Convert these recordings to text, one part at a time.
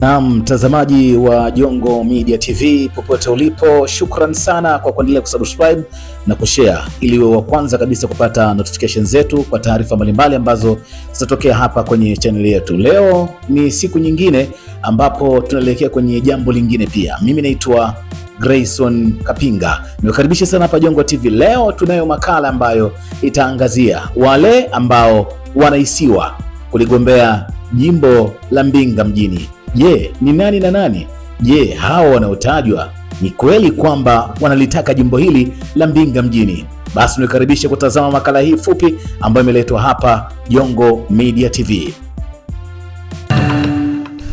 Na mtazamaji wa Jongo Media TV popote ulipo, shukran sana kwa kuendelea kusubscribe na kushare ili uwe wa kwanza kabisa kupata notification zetu kwa taarifa mbalimbali ambazo zitatokea hapa kwenye channel yetu. Leo ni siku nyingine ambapo tunaelekea kwenye jambo lingine pia. Mimi naitwa Grayson Kapinga. Niwakaribisha sana hapa Jongo TV. Leo tunayo makala ambayo itaangazia wale ambao wanahisiwa kuligombea jimbo la Mbinga mjini Je, ni nani na nani? Je, hao wanaotajwa ni kweli kwamba wanalitaka jimbo hili la Mbinga mjini? Basi nikukaribisha kutazama makala hii fupi ambayo imeletwa hapa Jongo Media TV.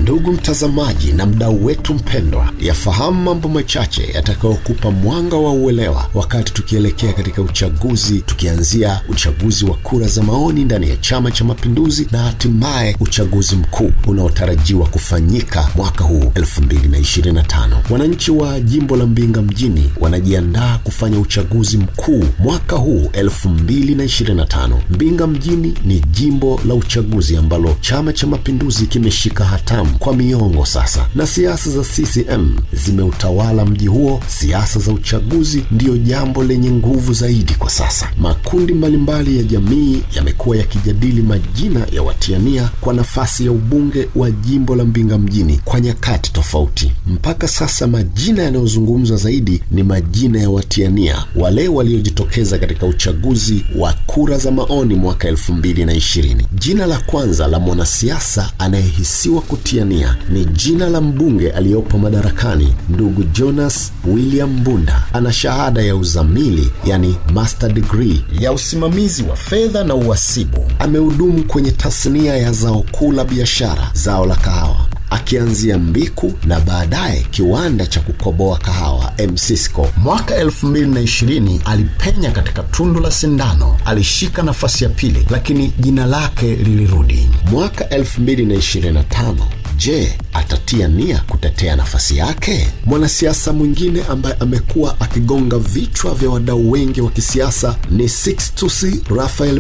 Ndugu mtazamaji na mdau wetu mpendwa, yafahamu mambo machache yatakayokupa mwanga wa uelewa wakati tukielekea katika uchaguzi, tukianzia uchaguzi wa kura za maoni ndani ya Chama cha Mapinduzi na hatimaye uchaguzi mkuu unaotarajiwa kufanyika mwaka huu 2025. Wananchi wa jimbo la Mbinga mjini wanajiandaa kufanya uchaguzi mkuu mwaka huu 2025. Mbinga mjini ni jimbo la uchaguzi ambalo Chama cha Mapinduzi kimeshika hatamu kwa miongo sasa, na siasa za CCM zimeutawala mji huo. Siasa za uchaguzi ndiyo jambo lenye nguvu zaidi kwa sasa. Makundi mbalimbali ya jamii yamekuwa yakijadili majina ya watiania kwa nafasi ya ubunge wa jimbo la Mbinga mjini kwa nyakati tofauti. Mpaka sasa majina yanayozungumzwa zaidi ni majina ya watiania wale waliojitokeza katika uchaguzi wa kura za maoni mwaka elfu mbili na ishirini. Jina la kwanza la mwanasiasa anayehisiwa kutia Tanzania ni jina la mbunge aliyopo madarakani ndugu Jonas William Mbunda. Ana shahada ya uzamili yani master degree ya usimamizi wa fedha na uhasibu. Amehudumu kwenye tasnia ya zao kuu la biashara, zao la kahawa akianzia Mbiku na baadaye kiwanda cha kukoboa kahawa MCISCO. Mwaka 2020 alipenya katika tundu la sindano, alishika nafasi ya pili, lakini jina lake lilirudi. Mwaka 2025 Je, atatia nia kutetea nafasi yake? Mwanasiasa mwingine ambaye amekuwa akigonga vichwa vya wadau wengi wa kisiasa ni Sixtus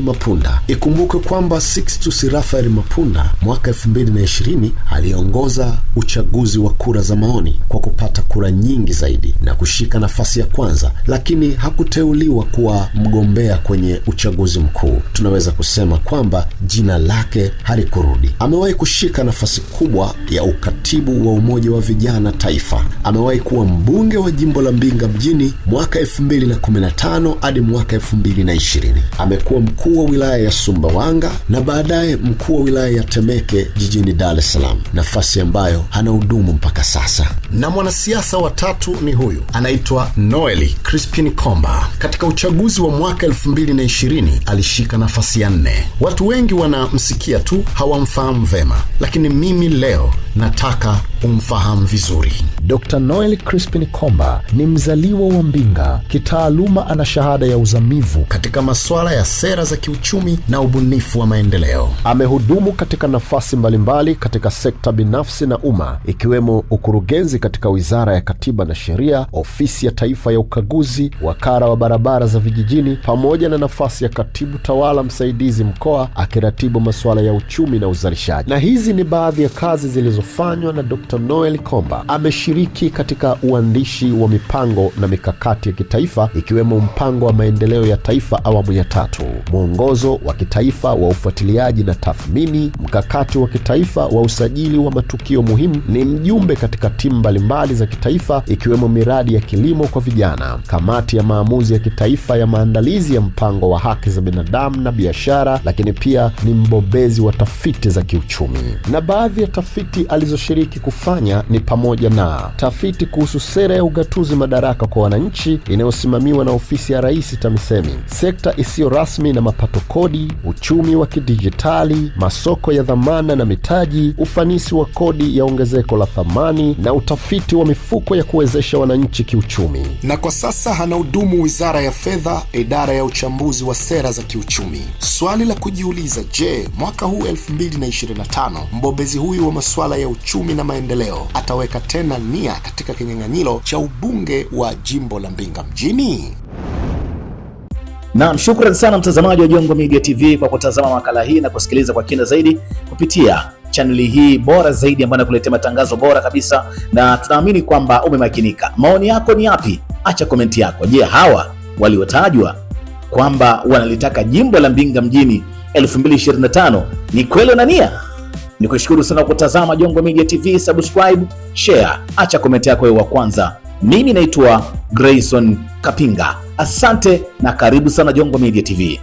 Mapunda. ikumbuke kwamba Sixtus Mapunda mwaka 220 aliongoza uchaguzi wa kura za maoni kwa kupata kura nyingi zaidi na kushika nafasi ya kwanza, lakini hakuteuliwa kuwa mgombea kwenye uchaguzi mkuu. Tunaweza kusema kwamba jina lake halikurudi. Amewahi kushika nafasi kubwa ya ukatibu wa Umoja wa Vijana Taifa. Amewahi kuwa mbunge wa jimbo la Mbinga mjini mwaka 2015 hadi mwaka 2020. Amekuwa mkuu wa wilaya ya Sumbawanga na baadaye mkuu wa wilaya ya Temeke jijini Dar es Salaam, nafasi ambayo hana hudumu mpaka sasa. Na mwanasiasa wa tatu ni huyu anaitwa Noeli Crispin comba Katika uchaguzi wa mwaka 220 alishika nafasi ya nne. Watu wengi wanamsikia tu hawamfahamu vema, lakini mimi leo nataka umfahamu vizuri. Dr Noel Crispin Komba ni mzaliwa wa Mbinga. Kitaaluma ana shahada ya uzamivu katika masuala ya sera za kiuchumi na ubunifu wa maendeleo. Amehudumu katika nafasi mbalimbali katika sekta binafsi na umma, ikiwemo ukurugenzi katika Wizara ya Katiba na Sheria, Ofisi ya Taifa ya Ukaguzi, Wakala wa Barabara za Vijijini, pamoja na nafasi ya katibu tawala msaidizi mkoa, akiratibu masuala ya uchumi na uzalishaji. Na hizi ni baadhi ya kazi zilizofanywa na Dr. Dr. Noel Komba ameshiriki katika uandishi wa mipango na mikakati ya kitaifa ikiwemo mpango wa maendeleo ya taifa awamu ya tatu, mwongozo wa kitaifa wa ufuatiliaji na tathmini, mkakati wa kitaifa wa usajili wa matukio muhimu. Ni mjumbe katika timu mbalimbali za kitaifa ikiwemo miradi ya kilimo kwa vijana, kamati ya maamuzi ya kitaifa ya maandalizi ya mpango wa haki za binadamu na biashara, lakini pia ni mbobezi wa tafiti za kiuchumi na baadhi ya tafiti alizoshiriki kufanya ni pamoja na tafiti kuhusu sera ya ugatuzi madaraka kwa wananchi inayosimamiwa na ofisi ya Rais TAMISEMI, sekta isiyo rasmi na mapato kodi, uchumi wa kidijitali, masoko ya dhamana na mitaji, ufanisi wa kodi ya ongezeko la thamani na utafiti wa mifuko ya kuwezesha wananchi kiuchumi. Na kwa sasa anahudumu Wizara ya Fedha, idara ya uchambuzi wa sera za kiuchumi. Swali la kujiuliza, je, mwaka huu 2025 mbobezi huyu wa masuala ya uchumi na maendeleo maendeleo ataweka tena nia katika kinyang'anyiro cha ubunge wa jimbo la Mbinga mjini. Naam, shukran sana mtazamaji wa Jongo Media TV kwa kutazama makala hii na kusikiliza kwa kina zaidi kupitia chaneli hii bora zaidi ambayo inakuletea matangazo bora kabisa, na tunaamini kwamba umemakinika. Maoni yako ni yapi? Acha komenti yako. Je, hawa waliotajwa kwamba wanalitaka jimbo la Mbinga mjini 2025 ni kweli na nia ni kushukuru sana kutazama Jongo Media TV, subscribe, share, acha komenti yako wa kwanza. Mimi naitwa Grayson Kapinga, asante na karibu sana Jongo Media TV.